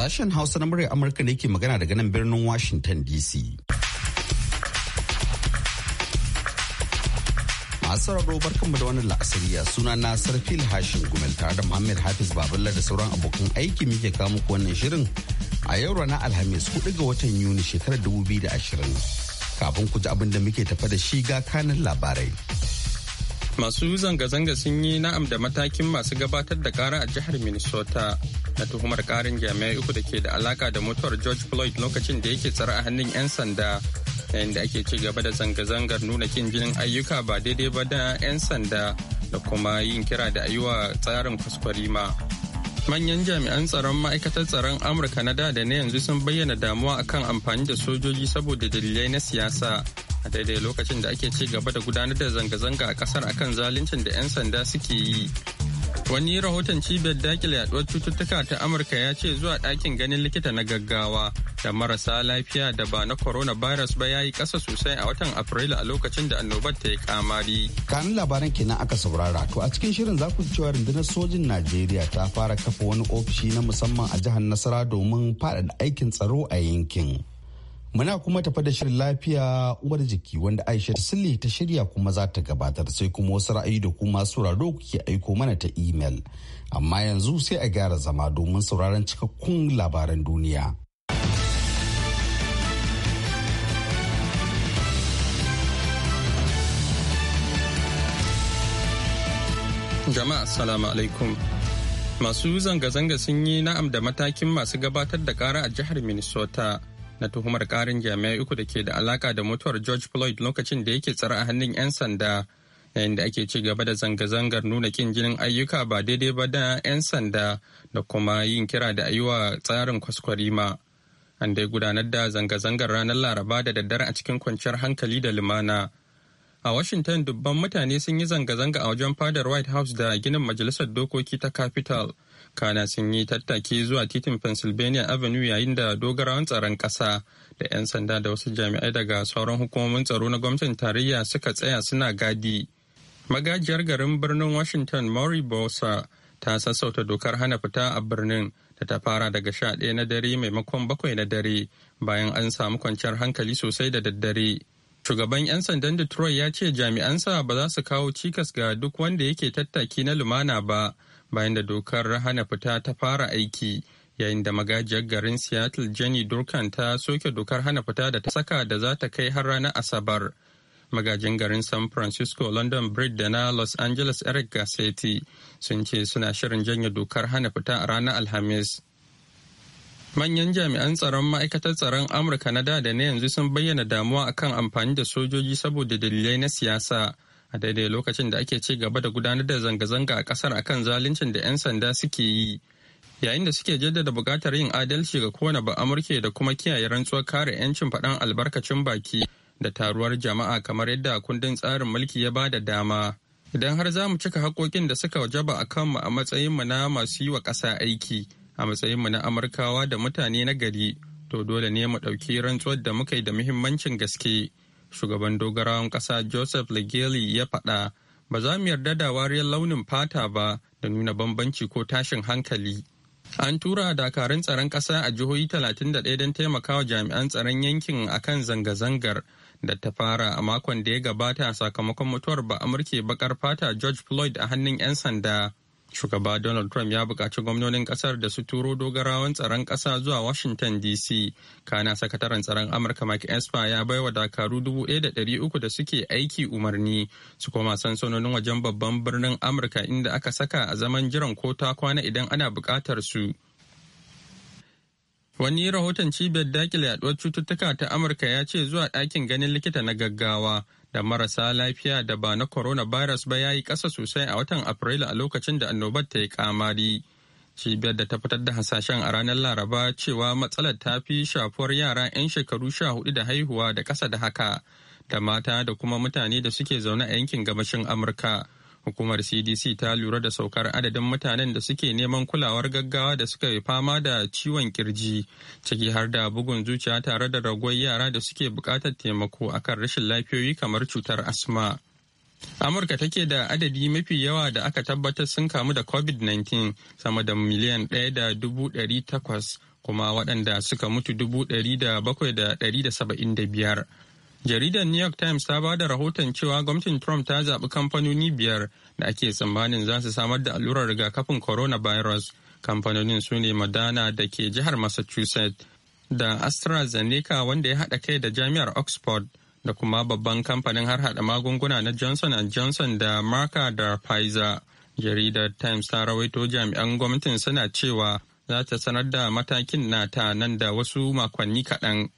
Sashen Hausa na muryar Amurka ne ke magana daga nan birnin Washington DC. Masu raro barkanmu da wannan la'asariya suna na Sarfil Hashim Gumel tare da Muhammad Hafiz Baballa da sauran abokan aiki muke kawo muku wannan shirin a yau ranar Alhamis 4 ga watan Yuni shekarar 2020. kafin ku ji abin da muke tafa da shi ga kanin labarai. Masu zanga-zanga sun yi na'am da matakin masu gabatar da kara a jihar Minnesota na tuhumar karin jami'ai uku da ke da alaka da mutuwar george floyd lokacin da yake tsare a hannun 'yan sanda yayin da ake ci gaba da zanga-zangar nuna kin jinin ayyuka ba daidai ba da 'yan sanda da kuma yin kira da ayyuwa tsarin ma manyan jami'an tsaron ma'aikatar tsaron amurka na da da na yanzu sun bayyana damuwa akan amfani da sojoji saboda dalilai na siyasa a daidai lokacin da ake ci gaba da gudanar da zanga-zanga a kasar akan zaluncin da 'yan sanda suke yi Wani rahoton cibiyar dakile yaduwar cututtuka ta Amurka ya ce zuwa ɗakin ganin likita na gaggawa da marasa lafiya da ba na corona coronavirus ba ya yi ƙasa sosai a watan Afrilu a lokacin da annobar ta yi kamari. Kanin labaran kenan aka saurara to a cikin shirin za ku cewa rundunar sojin Najeriya ta fara kafa wani ofishi na musamman a jihar Nasara domin faɗaɗa aikin tsaro a yankin. Muna kuma tafa da shirin lafiya uwar jiki wanda Aisha Sule ta shirya kuma za ta gabatar sai kuma wasu ra'ayi da kuma sauraro kuke aiko mana ta imel. Amma yanzu sai a gyara zama domin sauraron cikakkun labaran duniya. Jama'a salamu alaikum. Masu zanga-zanga sun yi na'am da matakin masu gabatar da kara a jihar Minnesota. na tuhumar karin jami'ai uku da ke da alaka da mutuwar george floyd lokacin da yake tsare a hannun 'yan sanda yayin da ake ci gaba da zanga-zangar nuna kin jinin ayyuka ba daidai ba da 'yan sanda da kuma yin kira da wa tsarin ma an dai gudanar da zanga-zangar ranar laraba da daddare a cikin kwanciyar hankali da lumana a washington dubban mutane sun yi zanga-zanga a wajen fadar white house da ginin majalisar dokoki ta capital kana sun yi tattaki zuwa titin pennsylvania avenue yayin da dogarawan tsaron ƙasa da 'yan sanda da wasu jami'ai daga sauran hukumomin tsaro na gwamnatin tarayya suka tsaya suna gadi magajiyar garin birnin washington maury bosa ta sassauta dokar hana fita a birnin da ta fara daga sha ɗaya na dare maimakon bakwai na dare bayan an samu kwanciyar hankali sosai da daddare shugaban 'yan sandan detroit ya ce jami'ansa ba za su kawo cikas ga duk wanda yake tattaki na lumana ba bayan da dokar hana fita ta fara aiki yayin da magajiyar garin seattle jenny durkan ta soke dokar hana fita da ta saka da za ta kai har ranar asabar magajin garin san francisco london bridge da na los angeles eric gassetti sun ce suna shirin janye dokar hana fita a ranar alhamis manyan jami'an tsaron ma'aikatar tsaron amurka na da da na yanzu sun bayyana damuwa akan amfani da sojoji saboda dalilai na siyasa a daidai lokacin da ake ci gaba da gudanar da zanga-zanga a kasar akan zaluncin da 'yan sanda suke yi yayin da suke jaddada buƙatar yin adalci ga kowane ba amurke da kuma kiyaye rantsuwar kare 'yancin faɗan albarkacin baki da taruwar jama'a kamar yadda kundin tsarin mulki ya ba da dama idan har za mu cika haƙoƙin da suka wajaba a kanmu a matsayinmu na masu yi wa ƙasa aiki a matsayinmu na amurkawa da mutane na gari to dole ne mu ɗauki rantsuwar da muka yi da muhimmancin gaske shugaban dogarawan ƙasa joseph legeli ya faɗa ba za mu yarda da wariyar launin fata ba da nuna bambanci ko tashin hankali an tura dakarun tsaron ƙasa a jihohi 31 don taimakawa jami'an tsaron yankin akan zanga-zangar da ta fara a makon da ya gabata sakamakon mutuwar ba amurke bakar fata george floyd a hannun 'yan sanda Shugaba Donald Trump ya buƙaci gwamnonin ƙasar da su turo dogarawan tsaron ƙasa zuwa Washington DC. Kana sakataren tsaron Amurka Mike Esper ya bai wa dakaru dubu ɗaya da ɗari uku da suke aiki umarni su koma sansanonin wajen babban birnin Amurka inda aka saka a zaman jiran ko ta kwana idan ana buƙatar su. Wani rahoton cibiyar dakile yaduwar cututtuka ta Amurka ya ce zuwa ɗakin ganin likita na gaggawa da marasa lafiya da ba na coronavirus ba ya yi ƙasa sosai a watan Afrilu a lokacin da annobar ta yi kamari. Cibiyar da ta fitar da hasashen a ranar Laraba cewa matsalar ta fi shafuwar yara 'yan shekaru sha hudu da haihuwa da ƙasa da haka, da mata da kuma mutane da suke zaune a yankin gabashin Amurka. Hukumar CDC ta lura da saukar adadin mutanen da suke neman kulawar gaggawa da suka yi fama da ciwon kirji, ciki har da bugun zuciya tare da ragowar yara da suke buƙatar taimako akan rashin lafiyoyi kamar cutar asma. Amurka take da adadi mafi yawa da aka tabbatar sun kamu da COVID-19 sama da miliyan ɗaya da dubu ɗari kuma waɗanda suka mutu dubu ɗari da bakwai da da biyar. Jaridar New York Times ta ba da rahoton cewa gwamnatin Trump ta zaɓi kamfanoni biyar da ake tsammanin za su samar da allurar rigakafin coronavirus. Kamfanonin su ne Madana da ke jihar Massachusetts da AstraZeneca wanda ya haɗa kai da jami'ar Oxford da kuma babban kamfanin har haɗa magunguna na Johnson Johnson da Marka da Pfizer. Jaridar Times ta rawaito jami'an gwamnatin suna cewa za ta sanar da matakin nata nan da wasu makonni kaɗan.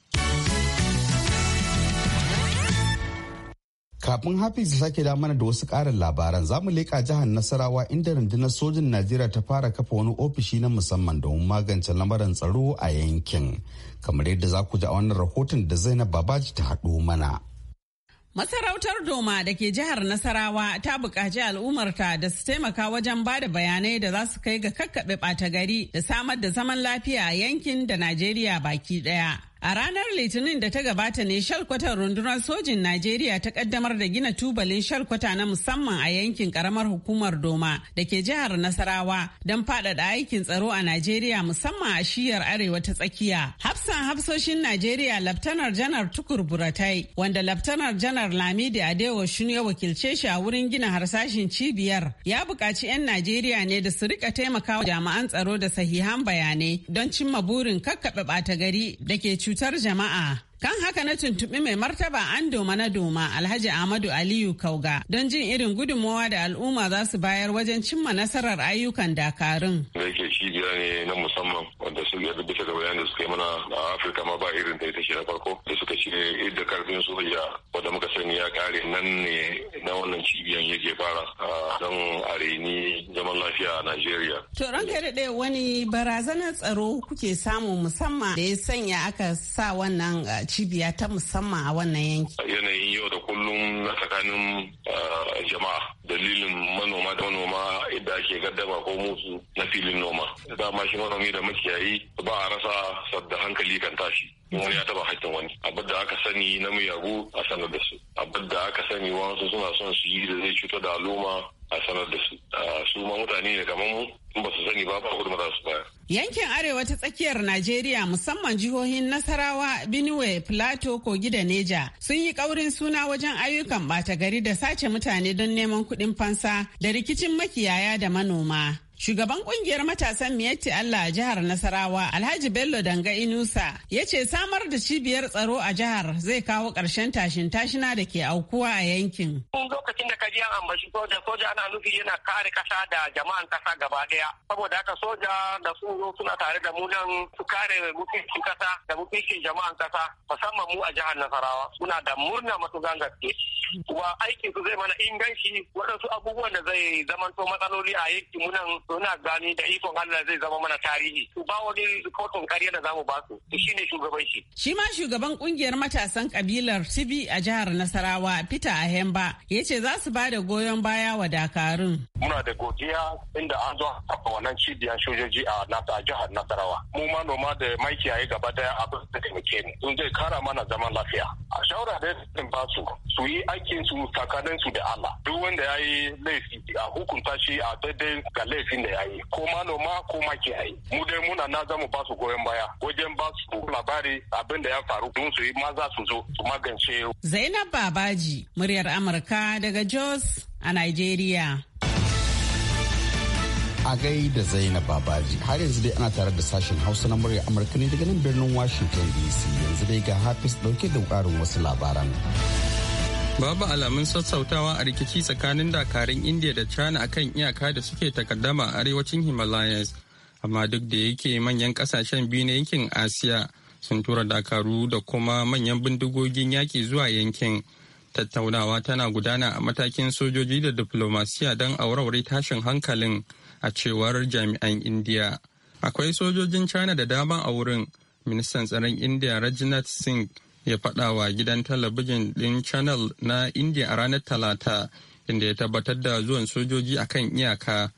Kafin Hafiz ya sake da mana da wasu karin labaran zamu leƙa jihar Nasarawa inda rundunar sojin Najeriya ta fara kafa wani ofishi na musamman domin magance lamarin tsaro a yankin. Kamar yadda za ku ji a wannan rahoton da Zainab Babaji ta haɗo mana. Masarautar Doma da ke jihar Nasarawa ta buƙaci al'ummarta da su taimaka wajen ba da bayanai da za su kai ga kakkaɓe ɓata gari da samar da zaman lafiya a yankin da Najeriya baki ɗaya. A ranar Litinin da ta gabata ne shalkwatar rundunar sojin Najeriya ta kaddamar da gina tubalin shalkwata na musamman a yankin karamar hukumar Doma da ke jihar Nasarawa don faɗaɗa aikin tsaro a Najeriya musamman a shiyar arewa ta tsakiya. Hafsan hafsoshin Najeriya Laftanar Janar Tukur Buratai wanda Laftanar Janar Lamidi Adewa shi ya wakilce shi a wurin gina harsashin cibiyar ya buƙaci 'yan Najeriya ne da su rika taimakawa jami'an tsaro da sahihan bayanai don cimma burin kakkaɓe ɓata gari da ke cutar jama'a Kan haka na tuntuɓi mai martaba an doma na doma Alhaji Ahmadu Aliyu Kauga don jin irin gudunmawa da al'umma za su bayar wajen cimma nasarar ayyukan dakarun. Da yake cibiya ne na musamman wanda su da bisa ga da suka yi mana a Afirka ma ba irin da ita ce na farko da suka ce idda karfin soja wanda muka sani ya kare nan ne na wannan cibiyan yake fara don a zaman lafiya a Najeriya. To ranka daɗe wani barazanar tsaro kuke samu musamman da ya sanya aka sa wannan cibiya ta musamman a wannan yanki? Yanayin yau da kullum na tsakanin ah, jama'a dalilin manoma da manoma idan ake gaddama ko musu na filin noma. da Dama shi manomi da makiyayi ba a rasa sadda hankali kan tashi. wani ya taba haƙƙin wani abin da aka sani na miyagu a sanar da su abin da aka sani wasu suna son su yi da zai cutar da al'umma a sanar da su su ma mutane ne kamar mu in ba su sani ba ba su baya. Yankin Arewa ta tsakiyar Najeriya musamman jihohin Nasarawa, Benue, plato Kogi da Neja sun yi kaurin suna wajen ayyukan bata gari da sace mutane don neman kuɗin fansa da rikicin makiyaya da manoma. Shugaban kungiyar matasan Miyatti Allah a jihar Nasarawa, Alhaji Bello Danga Inusa, ya ce samar da cibiyar tsaro a jihar zai kawo ƙarshen tashin tashina da ke aukuwa a yankin. Kun lokacin da ka ji an ambaci soja, soja ana nufi yana kare kasa da jama'an kasa gaba ɗaya. Saboda haka soja da su suna tare da mu nan su kare mutuncin kasa da mutuncin jama'an kasa, musamman mu a jihar Nasarawa. Muna da murna ganga gaske. Wa aikin su zai mana inganci waɗansu abubuwan da zai zamanto matsaloli a yankin mu nan to ina gani da ikon Allah zai zama mana tarihi su ba wani kotun kariya da zamu ba su shi ne shugaban shi shi ma shugaban kungiyar matasan kabilar Tibi a jihar Nasarawa Peter Ahemba ce za su ba da goyon baya wa Dakarun muna da godiya inda an zo a wannan cibiyar sojoji a nasa jihar Nasarawa mu manoma da yi gaba daya abin da taimake ne sun zai kara mana zaman lafiya a shawara da sun ba su su yi aikin su tsakanin su da Allah duk wanda ya yi laifi a hukunta shi a daidai ga laifi lokacin da ya ma ko manoma ko makiyayi mu dai muna na zamu ba su goyon baya wajen ba su labari abin da ya faru don su yi maza su zo su magance. Zainab Babaji muryar Amurka daga Jos a Nigeria. a da zainab babaji har yanzu dai ana tare da sashen hausa na muryar amurka ne daga nan birnin washington dc yanzu dai ga hafiz dauke da karin wasu labaran Babu alamun sassautawa a rikici tsakanin dakarun India da China akan iyaka da suke takaddama a arewacin Himalayas, amma duk da yake manyan kasashen biyu na yankin Asiya sun tura dakaru da kuma manyan bindigogin yaki zuwa yankin. Tattaunawa tana gudana a matakin sojoji da diplomasiya don auraure tashin hankalin a cewar jami'an India. Akwai sojojin China da dama a wurin, ministan tsaron India Rajnath Singh ya faɗa wa gidan talabijin din channel na india a ranar talata inda ya tabbatar da zuwan sojoji a kan iyaka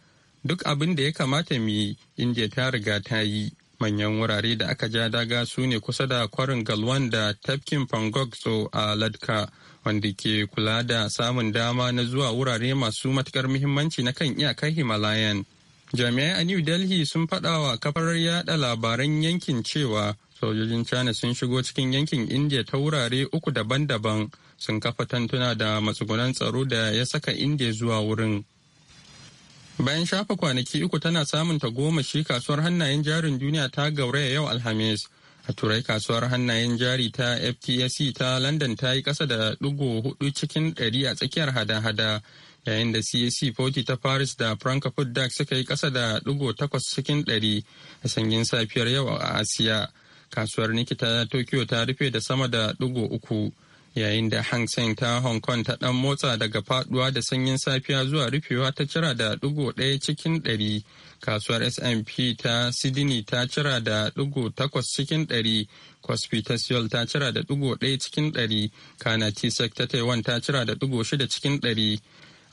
duk abin da ya kamata mu yi india ta riga ta yi manyan wurare da aka ja daga su ne kusa da kwarin galwan da tafkin so a ladka wanda ke kula da samun dama na zuwa wurare masu matukar muhimmanci na kan iyakar himalayan jami'ai a new delhi sun faɗa wa kafar yada labaran yankin cewa sojojin china sun shigo cikin yankin india ta wurare uku daban-daban sun kafa tantuna da matsugunan tsaro da ya saka india zuwa wurin bayan shafa kwanaki uku tana samun ta goma shi kasuwar hannayen jarin duniya ta gauraya yau alhamis a turai kasuwar hannayen jari ta ftsc e ta london ta yi kasa da digo hudu cikin ɗari a tsakiyar hada-hada yayin da CAC 40 e ta Paris da Frankfurt DAX suka yi kasa da ɗigo takwas cikin ɗari a sanyin safiyar yau a Asiya kasuwar nikita ta Tokyo ta rufe da sama da ɗigo uku yayin da Hang Seng ta Hong Kong ta ɗan motsa daga faɗuwa da sanyin safiya zuwa rufewa ta cira da ɗigo ɗaya cikin ɗari. Kasuwar smp ta Sydney ta cira da ɗigo takwas cikin ɗari. Kospi ta cira da ɗigo ɗaya cikin ɗari. Kana T-Sec ta Taiwan ta cira da ɗigo shida cikin ɗari.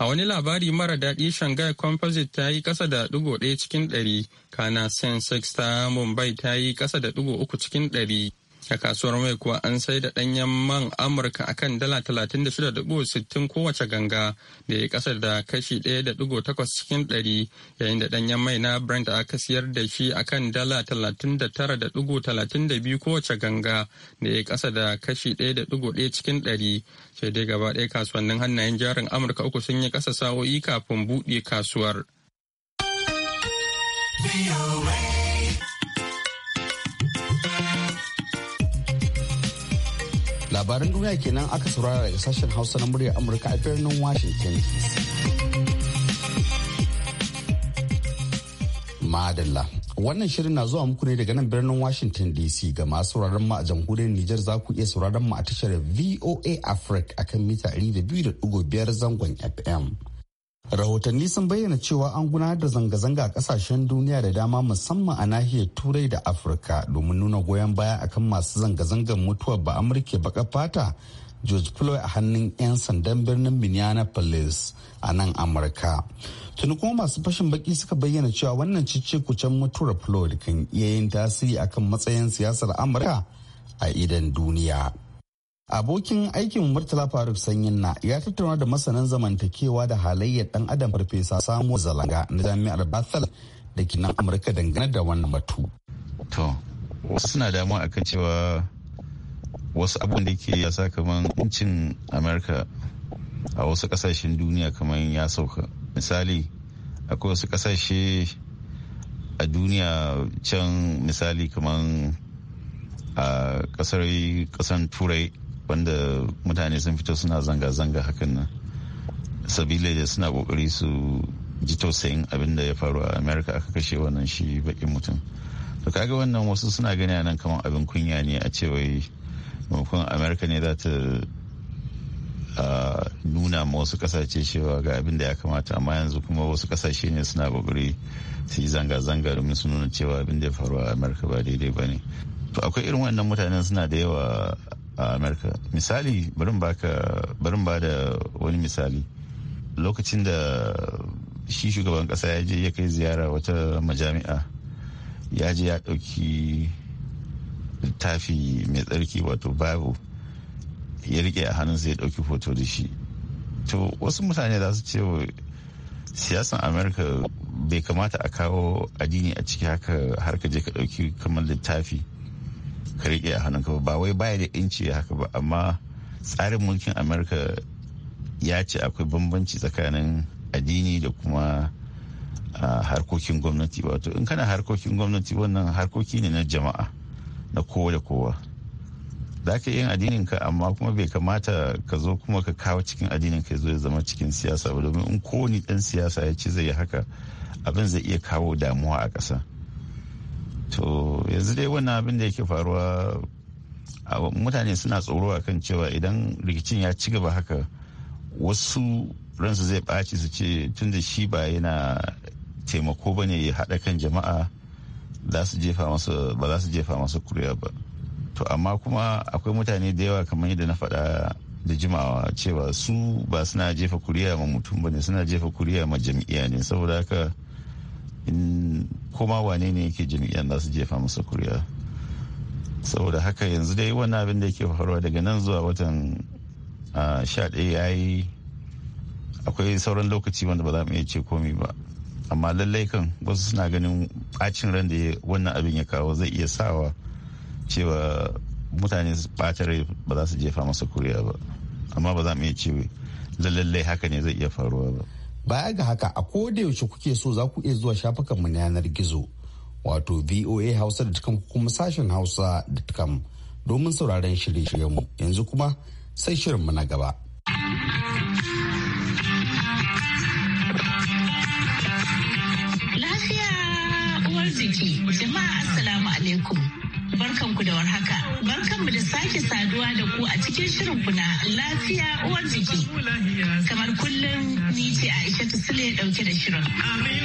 A wani labari mara daɗi Shanghai Composite ta yi ƙasa da ɗigo ɗaya cikin ɗari, Kana Sensex ta Mumbai ta yi ƙasa da ɗigo uku cikin ɗari. A kasuwar mai kuwa an sai da ɗanyen man Amurka akan dala 36.60 kowace ganga da ya kasar da kashi 1.8 cikin 100 yayin da ɗanyen mai na Brent aka siyar da shi akan dala 39.32 kowace ganga da ya kasa da kashi 1.1 cikin 100 sai dai gaba ɗaya kasuwannin hannayen jarin Amurka uku sun yi kasa sa'o'i kafin buɗe kasuwar. labaran duniya kenan aka saurara daga sashen hausa na muryar amurka a birnin washington madalla wannan shirin na zuwa muku ne daga nan birnin washington dc ga masu sauraron mu a jamhuriyar Nijar za ku iya sauraron mu a tashar voa africa akan mita 200.5 zangon fm rahotanni sun bayyana cewa an gudanar da zanga-zanga a kasashen duniya da dama musamman a nahiyar turai da afirka domin nuna goyon baya akan masu zanga zangan mutuwar ba amurke baka fata george floyd a hannun 'yan sandan birnin minneapolis a nan amurka tuni kuma masu fashin baki suka bayyana cewa wannan cice kucen mutuwar floyd kan iya yin tasiri akan matsayin siyasar amurka a idan duniya abokin aikin murtala faruk sanyin na ya tattauna da masanan zamantakewa da halayyar dan adam farfesa samu zalanga na jami'ar bathal da ke nan amurka dangane da wannan batu to wasu suna damuwa a kan cewa wasu abin da ke ya sa kamar incin amurka a wasu kasashen duniya kamar ya sauka misali akwai wasu kasashe a duniya can misali kamar a kasar turai wanda mutane sun fito suna zanga-zanga hakan nan sabila da suna kokari su ji tausayin abin da ya faru a america aka kashe wannan shi bakin mutum to kaga wannan wasu suna gani nan kamar abin kunya ne a cewa maimakon america ne za ta nuna ma wasu kasashe cewa ga abin da ya kamata amma yanzu kuma wasu kasashe ne suna kokari su yi zanga-zanga domin su nuna cewa abin da ya faru a america ba daidai ba ne to akwai irin wannan mutanen suna da yawa a amerika misali barin ba da wani misali lokacin da shi shugaban kasa ya je ya kai ziyara wata majami'a ya je ya ɗauki littafi mai tsarki wato babu ya rike a hannunsa ya ɗauki hoto da shi to wasu mutane za su ce siyasan amerika bai kamata a kawo addini a ciki haka har ka je ka ɗauki kamar littafi ka riƙe a hannunka ba wai baya da inci haka ba amma tsarin mulkin amurka ya ce akwai bambanci tsakanin addini da kuma harkokin gwamnati wato in kana harkokin gwamnati wannan harkoki ne na jama'a na kowa da kowa za ka yin addininka amma kuma bai kamata ka zo kuma ka kawo cikin addininka ya zo ya zama cikin siyasa ba domin in kowane dan siyasa ya ce zai yi haka abin zai iya kawo damuwa a ƙasa to yanzu dai wannan abin da yake faruwa mutane suna tsoro a kan cewa idan rikicin ya ci gaba haka wasu ransu zai ɓaci su ce tun da shi ba yana taimako ba ne haɗa kan jama'a ba za su jefa masu kuriya ba to amma kuma akwai mutane da yawa kamar yadda na faɗa da jimawa cewa su ba suna jefa kuriya ma mutum ba ne suna jefa kuriya ma jam'iyya ne saboda haka in kuma wane ne yake jam'iyyar za su jefa masa kuri'a saboda haka yanzu dai wani abin da yake faruwa daga nan zuwa watan sha ɗaya ya yi akwai sauran lokaci wanda ba za mu iya ce komi ba amma lallai kan wasu suna ganin bacin ran da wannan abin ya kawo zai iya sawa cewa mutane su ɓata rai ba za su jefa masa kuri'a ba amma ba za mu iya ce lallai haka ne zai iya faruwa ba Baya ga haka a koda yaushe kuke so za ku iya zuwa shafukanmu na yanar gizo wato voa hausa da kuma sashen hausa da domin sauraron shirye-shiryenmu yanzu kuma sai shirin mu na gaba. Lafiya uwar jiki, jama'a assalamu alaikum. ku da warhaka. Barkanmu da sake saduwa da ku a cikin shirin kuna lafiya uwar jiki. Kamar kullum ni ce Aisha Tusule dauke da shirin. Amin.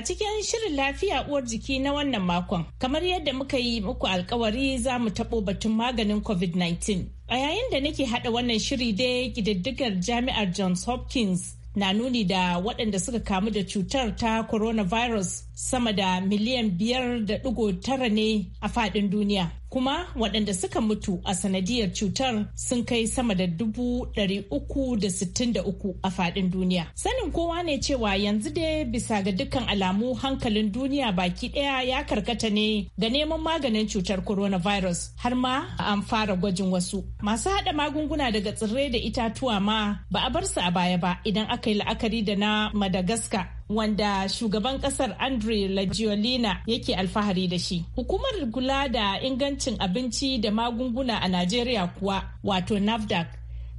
A cikin shirin lafiya uwar jiki na wannan makon, kamar yadda muka yi muku alkawari za mu taɓo batun maganin COVID-19. A yayin da nake haɗa wannan shiri dai gidaddigar jami'ar Johns Hopkins na nuni da waɗanda suka kamu da cutar ta coronavirus sama da miliyan biyar da ɗigo tara ne a faɗin duniya. kuma waɗanda suka mutu a sanadiyar cutar sun kai sama da dubu ɗari uku da sittin da uku a faɗin duniya. Sanin kowa ne cewa yanzu dai bisa ga dukkan alamu hankalin duniya baki ɗaya ya karkata ne ga neman maganin cutar coronavirus har ma an fara gwajin wasu. Masu haɗa magunguna daga tsirrai da itatuwa ma ba a bar su a baya ba idan aka yi la'akari da na Madagascar wanda shugaban kasar andre lagiolina yake alfahari da shi hukumar kula da ingancin abinci da magunguna a najeriya kuwa wato nafdac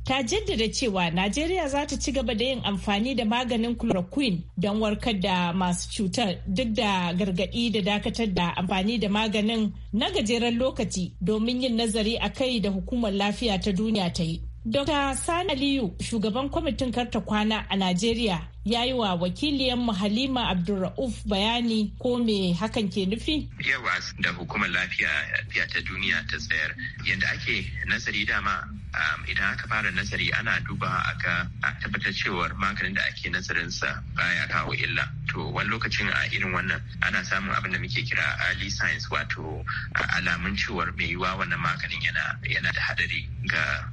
ta jaddada cewa najeriya za ta ci gaba da yin amfani da maganin chloroquine don warkar da masu cutar duk da gargaɗi da dakatar da amfani da maganin na gajeren lokaci domin yin nazari a kai da hukumar lafiya ta duniya ta yi Dr. Sani Aliyu, shugaban kwamitin karta kwana a Najeriya, ya yi wa wakiliyanmu halima abdulra'uf bayani ko me hakan ke nufi yawa da hukumar lafiya ta duniya ta tsayar yadda ake nazari dama um, idan aka fara nazari ana duba aka tabbatar cewar maganin da ake nazarinsa baya kawo illa to wani lokacin a irin wannan ana samun abin da muke kira early science wato alamun cewar mai yiwa wannan maganin yana da hadari ga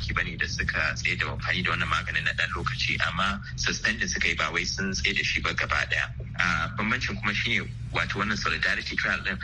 mamaki bane da suka tsaye da amfani da wannan maganin na dan lokaci amma sustain da suka yi ba wai sun tsaye da shi ba gaba daya a bambancin kuma shine wato wannan solidarity trial din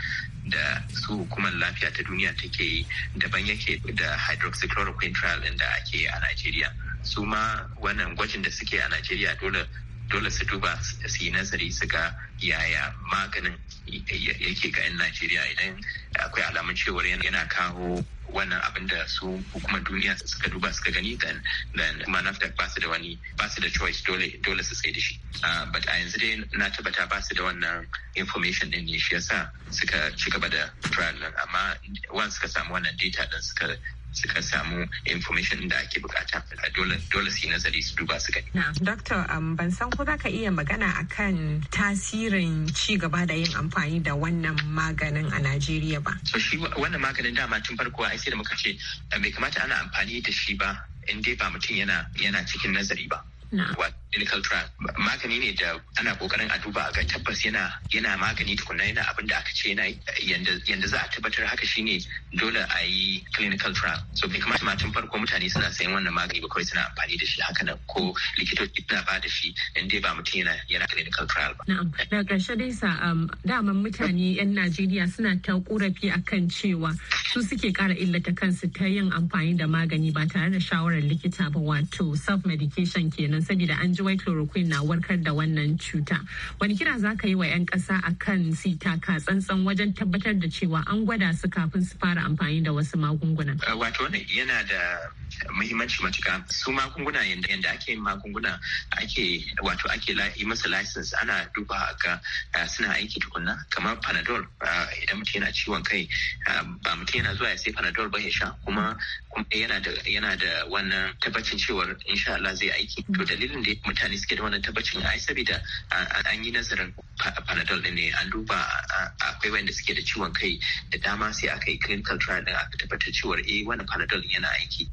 da su hukumar lafiya ta duniya take yi daban yake da hydroxychloroquine trial din da ake a Najeriya su ma wannan gwajin da suke a Najeriya dole dole su duba su yi nazari su ga yaya maganin yake ga 'yan najeriya idan akwai alamun cewar yana kawo wannan abin da su hukumar duniya suka duba suka gani dan dan kuma naftak ba su da wani ba su da choice dole dole su tsaye da shi ah, but a yanzu dai na tabbata ba su da wannan information din ne shi yasa suka ci gaba da trial amma wani suka samu wannan data din suka suka samu information da ake bukata dole su yi nazari su duba su gani. Doktor, um, ban san ko zaka iya magana akan tasirin ci gaba da yin amfani da wannan maganin a Najeriya ba. So shi wannan maganin dama tun farko a sai da muka ce eh, bai kamata ana amfani da shi ba in dai ba mutum yana yana cikin nazari ba. clinical trial magani ne da ana kokarin a duba ga tabbas yana yana magani tukunna yana abin da aka ce yanda za a tabbatar haka shine dole a yi clinical trial so bai kamata ma tun farko mutane suna sayan wannan magani ba kawai suna amfani da shi haka nan ko likitoci suna ba da shi in dai ba mutum yana yana clinical trial ba na'am da karshe dai sa um, dama mutane yan Najeriya suna ta korafi akan cewa su suke kara illata kansu ta yin amfani da magani ba tare da shawarar likita ba wato self medication kenan saboda an ji chloroquine na warkar da wannan cuta wani kira za ka yi wa 'yan kasa ƙasa sita sitaka tsantsan wajen tabbatar da cewa an gwada su kafin su fara amfani da wasu magungunan uh, wato yana da muhimmanci matuka su magunguna yadda ake yin magunguna ake wato ake yi masa license ana duba ga uh, suna aiki tukunna kamar panadol uh, idan mutum yana ciwon kai um, ba mutum yana zuwa ya sai panadol ba ya sha kuma yana da yana da wannan tabbacin cewar insha Allah zai aiki to mm. dalilin da mutane suke da wannan tabbacin ai saboda an yi nazarin panadol ne an duba akwai wanda suke da ciwon kai da dama sai aka yi clinical trial din aka tabbatar cewa eh wannan panadol yana aiki.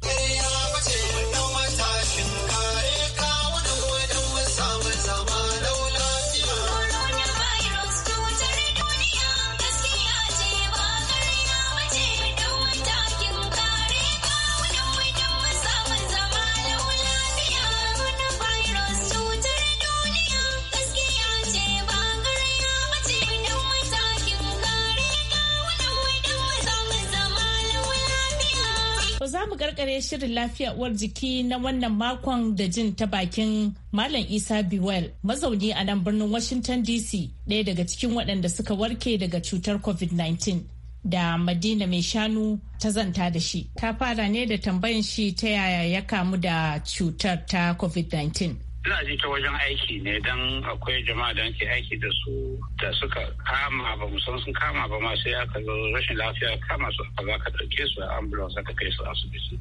karkare shirin lafiya uwar jiki na wannan makon da jin ta bakin Malam Isa Biwel mazauni a nan birnin Washington DC ɗaya daga cikin waɗanda suka warke daga cutar COVID-19 da Madina mai shanu ta zanta da shi. Ta fara ne da tambayan shi ta yaya ya kamu da cutar ta COVID-19. ina ji ta wajen aiki ne don akwai jama'a da ke aiki da su da suka kama ba san sun kama ba ma sai aka zo rashin lafiya kama su a za ka ɗauke su a ambulance aka kai su asibiti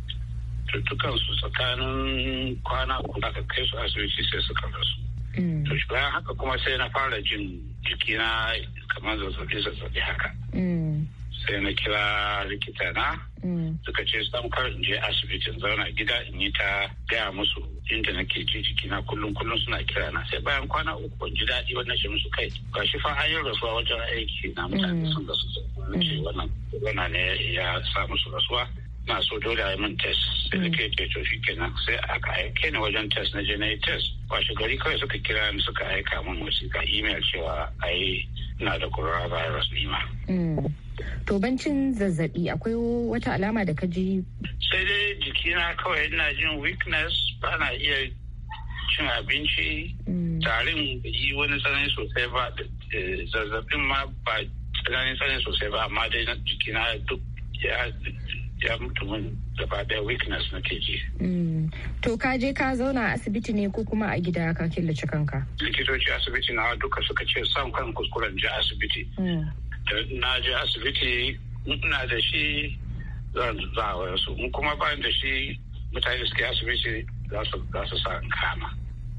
cututtukan su tsakanin kwana kuma aka kai su asibiti sai suka rasu mm. to bayan haka kuma sai na fara jin jikina kamar zazzabi zazzabi haka mm. sai na kira likita na mm. suka ce san kar in je asibitin zauna gida in yi ta gaya musu inda nake ji na kullum kullum suna kira na sai bayan kwana uku ban ji daɗi wannan shi musu kai ga shi fa an yi rasuwa wajen aiki na mutane mm. sun rasu ce mm. wannan wannan ne ya sa musu rasuwa na so dole a yi min test sai da ke to kenan sai aka aike ni wajen test na je na yi test shi gari kawai suka kira ni suka aika min wasiƙa email cewa ai na da coronavirus ni ma. to bancin zazzabi akwai wata alama da ka ji sai dai jikina kawai ina jin weakness ba na iya cin abinci mm. tarin yi wani tsanani sosai ba zazzabin ma ba tsanani tsanani sosai ba amma dai jikina duk ya ya mutu mun gaba daya weakness na ke ji. Mm. To ka je ka zauna a asibiti ne ko kuma a gida ka killace kanka? Likitoci asibiti na duka suka ce son kan kuskuren je asibiti. Mm. na je asibiti ina da shi zan zawa su in kuma bayan da shi mutane da suke asibiti za su sa in kama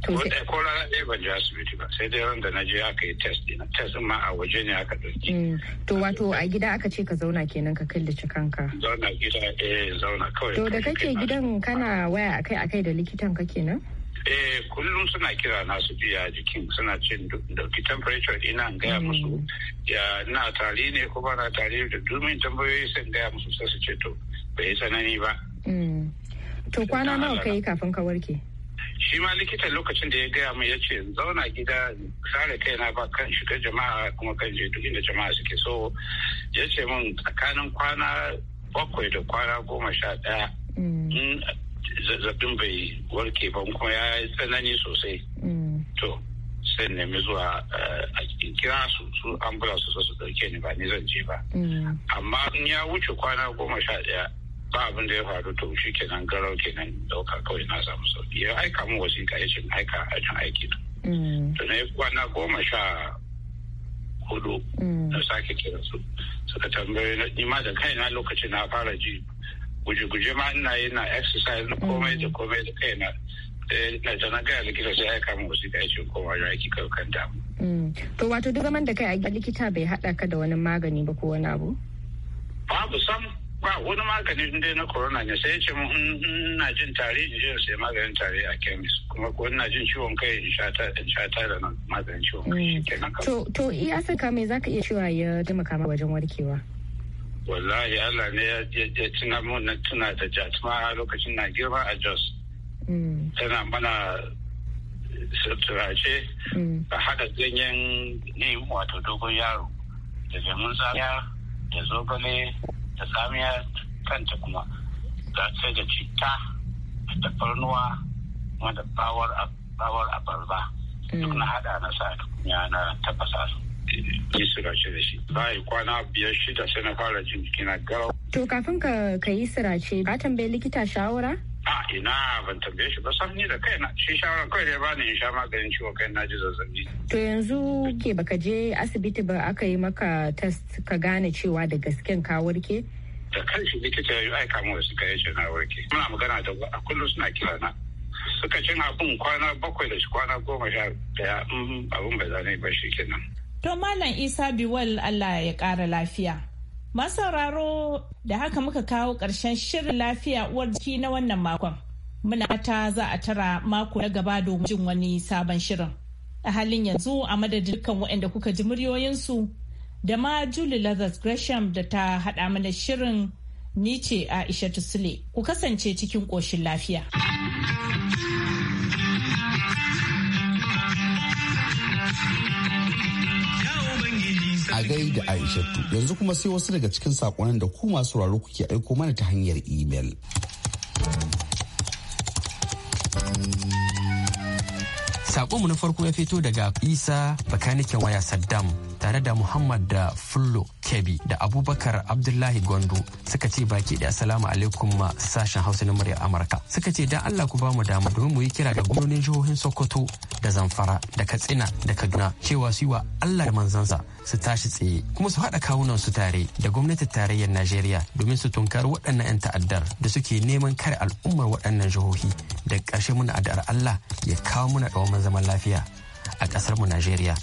wanda ko rana ɗaya ban je asibiti ba sai dai wanda na je aka yi test din test ma a waje ne aka ɗauki mm. to wato a gida aka ce ka zauna kenan ka killace kanka zauna gida eh zauna kawai to da kake gidan kana waya akai akai da likitan ka kenan eh kullum suna kira na su biya jikin suna cin dauki temperature ina gaya mm. musu ya na tari ne ko na tari da dumin tambayoyi sai gaya musu sai su ce to bai tsanani ba mm. to kwana nawa kai kafin ka warke shi ma likita lokacin da ya gaya mu ya ce zauna gida sare na ba kan shiga jama'a kuma kan je duk inda jama'a suke so ya ce min tsakanin kwana bakwai da kwana goma sha ɗaya mm. zazzabin bai warke ba kuma ya yi tsanani sosai mm. to sai nemi zuwa eh, a kira su su ambulance su su dauke ni ba ni zan je ba mm. amma in ya wuce kwana goma sha daya ba abin da ya faru to shi kenan garau kenan dauka kawai na samu sauki ya aika mu wasiƙa ya ce aika a aiki mm. to na yi kwana goma sha hudu na sake kira su suka tambaye ni ma da kaina lokacin na fara ji guje-guje ma ina yi na exercise na komai mm. da komai da kai na na da na gaya likita sai aika mu wasu da aikin koma da aiki kan damu. Mm. To wato duk zaman da kai a likita bai haɗa ka da wani magani ba ko wani abu? Babu sam ba wani magani dai na corona ne sai ce mun na jin tari in je sai maganin tari a kemis kuma ko ina jin ciwon kai in sha ta in sha ta da maganin ciwon kai mm. shi kenan. To to iya saka me zaka iya cewa ya taimaka wajen warkewa? wallahi Allah ne ya tuna mun tuna da jatuma a lokacin na girma a Jos mm. tana mana suturace mm. a haɗa ganyen ne wato dogon yaro da lemun zamiya da zogale da tsamiya kanta kuma da sai da citta da farnuwa kuma da bawar abarba duk mm. na haɗa na sa tukunya na tafasa su yi sirace da shi yi kwana biyar shida sai na fara jin jikina garau. to kafin ka yi sirace ka tambayi likita shawara? a ina ban tambaye shi ba sam ni da kaina shi shawara kawai dai bani in sha maganin ciwon kai na ji zazzabi. to yanzu ke baka je asibiti ba aka yi maka test ka gane cewa da gasken ka warke? da kanshi likita ya yi aika mu wasu kai shi na warke muna magana da a kullum suna kira na suka cin abun kwana bakwai da shi kwana goma sha daya mm, abun bai zane ba shi kenan. To Malam Isa Biwal Allah ya ƙara lafiya. Masauraro da haka muka kawo ƙarshen shirin lafiya uwar jiki na wannan makon. Muna ta za a tara mako na gaba domin jin wani sabon shirin. A halin yanzu a madadin dukkan waɗanda kuka ji muryoyinsu da ma Julie Lazarus Gresham da ta haɗa mana shirin ni ce Aisha Sule. Ku kasance cikin ƙoshin lafiya. a da aishatu yanzu kuma sai wasu daga cikin saƙonan da ku masu raro kuke aiko mana ta hanyar imel. Sakonmu na farko ya fito daga Isa bakaniken waya Saddam tare da muhammad da fullo kebi da abubakar abdullahi gwandu suka ce baki da assalamu alaikum sashen hausa na murya amurka suka ce dan allah ku bamu dama domin mu yi kira ga gwamnonin jihohin sokoto da zamfara da katsina da kaduna cewa su yi wa allah da manzansa su tashi tsaye kuma su haɗa kawunan su tare da gwamnatin tarayyar najeriya domin su tunkar waɗannan 'yan ta'addar da suke neman kare al'ummar waɗannan jihohi da ƙarshe muna addu'ar allah ya kawo muna ɗawamin zaman lafiya a ƙasarmu najeriya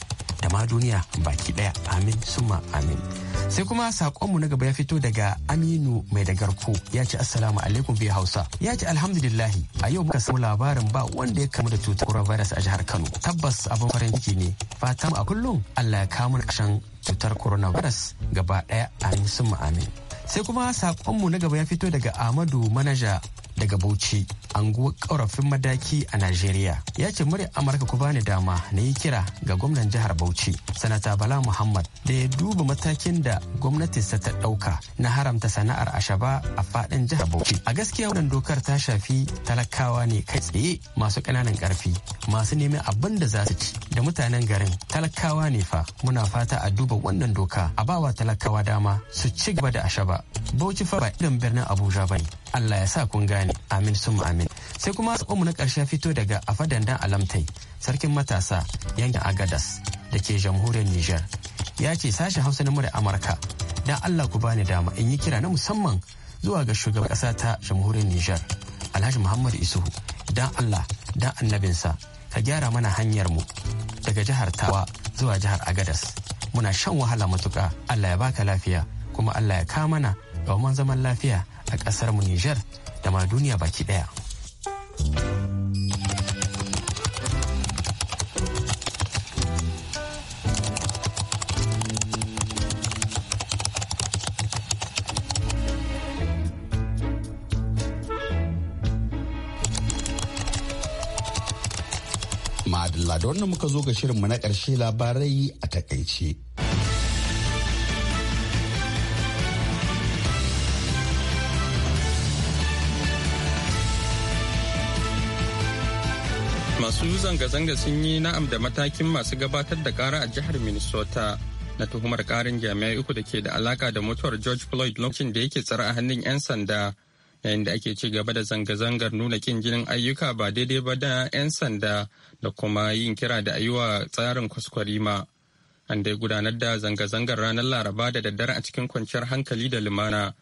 da ma duniya baki daya amin summa amin sai kuma sakonmu na gaba ya fito daga aminu mai da garko ya ce assalamu alaikum bi hausa ya ce alhamdulillahi a yau muka samu labarin ba wanda ya kamu da cutar coronavirus a jihar kano tabbas abin farin ciki ne fatan a kullum allah ya mana ƙarshen cutar coronavirus gaba daya amin summa amin sai kuma sakonmu na gaba ya fito daga amadu manaja daga Bauchi, anguwar ƙorafin madaki a Najeriya. Ya ce murya Amurka ku bani dama na yi kira ga gwamnan jihar Bauchi, Sanata Bala Muhammad da ya duba matakin da gwamnatinsa ta ɗauka na haramta sana'ar ashaba a faɗin jihar Bauchi. A gaskiya wannan dokar ta shafi talakawa ne kai tsaye masu ƙananan ƙarfi, masu neman abin da za su ci da mutanen garin talakawa ne fa muna fata a duba wannan doka a bawa talakawa dama su ci gaba da ashaba. Bauchi fa ba irin birnin Abuja bane. Allah ya sa kun gane. amin sun amin sai kuma mu na ƙarshe fito daga a afadandan alamtai sarkin matasa yankin agadas da ke jamhuriyar niger ya ce sashen hausa na murar amurka don allah ku bani dama in yi kira na musamman zuwa ga shugaban ƙasa ta jamhuriyar niger alhaji muhammadu isuhu don allah don annabinsa ka gyara mana hanyar mu daga jihar tawa zuwa jihar agadas muna shan wahala matuka allah ya baka lafiya kuma allah ya kamana domin zaman lafiya a ƙasar mu niger da ma duniya baki daya. Madalla da wannan muka zo ga shirinmu na ƙarshe labarai a takaice. Masu zanga-zanga sun yi na'am da matakin masu gabatar da kara a jihar Minnesota na tuhumar karin jami'ai uku da ke da alaka da mutuwar George Floyd lokacin da yake tsara a hannun 'yan sanda yayin da ake ci gaba da zanga-zangar nuna kin jinin ayyuka ba daidai ba da 'yan sanda da kuma yin kira da ayyuwa tsarin ma An dai gudanar da zanga-zangar ranar Laraba da daddare a cikin kwanciyar hankali da lumana.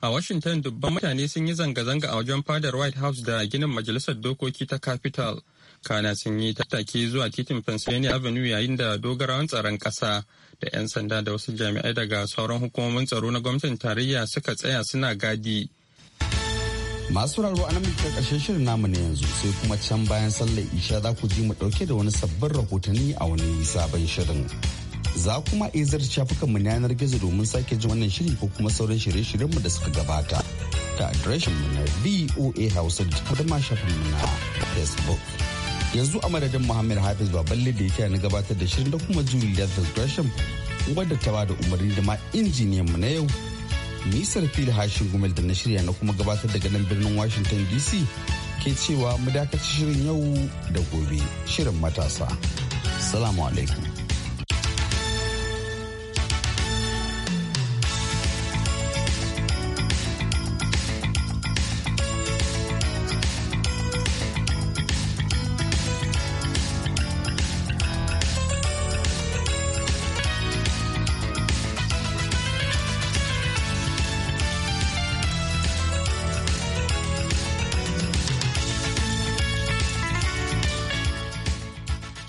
A Washington dubban mutane sun yi zanga-zanga a wajen fadar White House da ginin Majalisar Dokoki ta capital kana sun yi tattaki zuwa titin pennsylvania avenue yayin da dogarawan tsaron kasa da 'yan sanda da wasu jami'ai daga sauran hukumomin tsaro na gwamnatin tarayya suka tsaya suna gadi masu raro a nan ƙarshen shirin namu na yanzu sai kuma can bayan sallar isha za ku ji mu ɗauke da wani sabbin rahotanni a wani sabon shirin za kuma iya zarta shafukanmu na yanar gizo domin sake jin wannan shirin ko kuma sauran shirye mu da suka gabata ta mu na voa hausa da kuma shafin na facebook yanzu a madadin muhammad hafiz baballe da ya na gabatar da shirin da kuma julie da gresham wadda ta bada umarni da ma injiniyan mu na yau nisar fili hashin gumel da na shirya na kuma gabatar daga nan birnin washington dc ke cewa mu dakaci shirin yau da gobe shirin matasa salamu alaikum